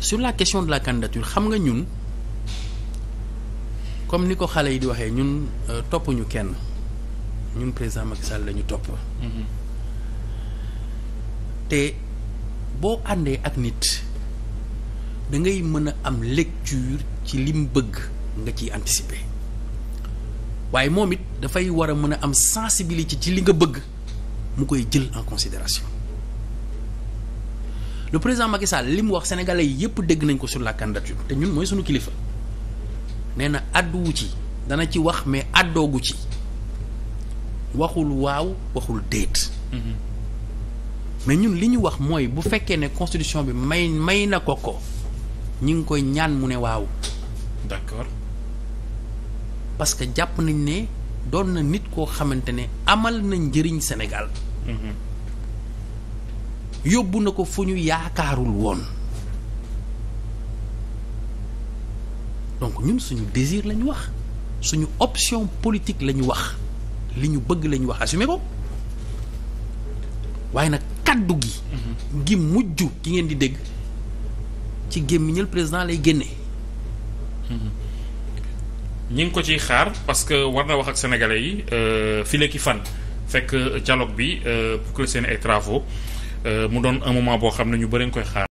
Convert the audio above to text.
sur la question de la candidature xam nga ñun comme ni ko xale yi di waxee ñun euh, toppuñu kenn ñun président Macky Sall la ñu topp. Mm-hmm. te boo àndee ak nit da ngay mën a am lecture ci lim bëgg nga ciy anticiper waaye moom it dafay war a mën a am sensibilité ci li nga bëgg mu koy jël en considération le président Macky Sall li mu wax sénégalais yi yëpp dégg nañ ko sur la candidature te ñun mooy suñu kilifa nee na àdduwu ci dana ci wax mais àddoogu ci waxul waaw waxul déet. Mhm. mais ñun li ñu wax mooy bu fekkee ne constitution bi may may na ko ko ñu ngi koy ñaan mu ne waaw. d'accord parce que jàpp nañ ne doon na nit koo xamante ne amal na njëriñ Sénégal. Mhm. yóbbu na ko fu ñu yaakaarul woon donc ñun suñu désir la wax suñu option politique la wax li ñu bëgg lañu wax assumé ko waaye nag kaddu gi gi mujj ki ngeen di dégg ci gémmiñal président lay génne ñi ngi ko ciy xaar parce que war na wax ak sénégalais yi euh, fii la ki fan fekk dialogue bi euh, pour que seen ay Euh, mu doon un :fra boo xam ne ñu bëri a koy xaar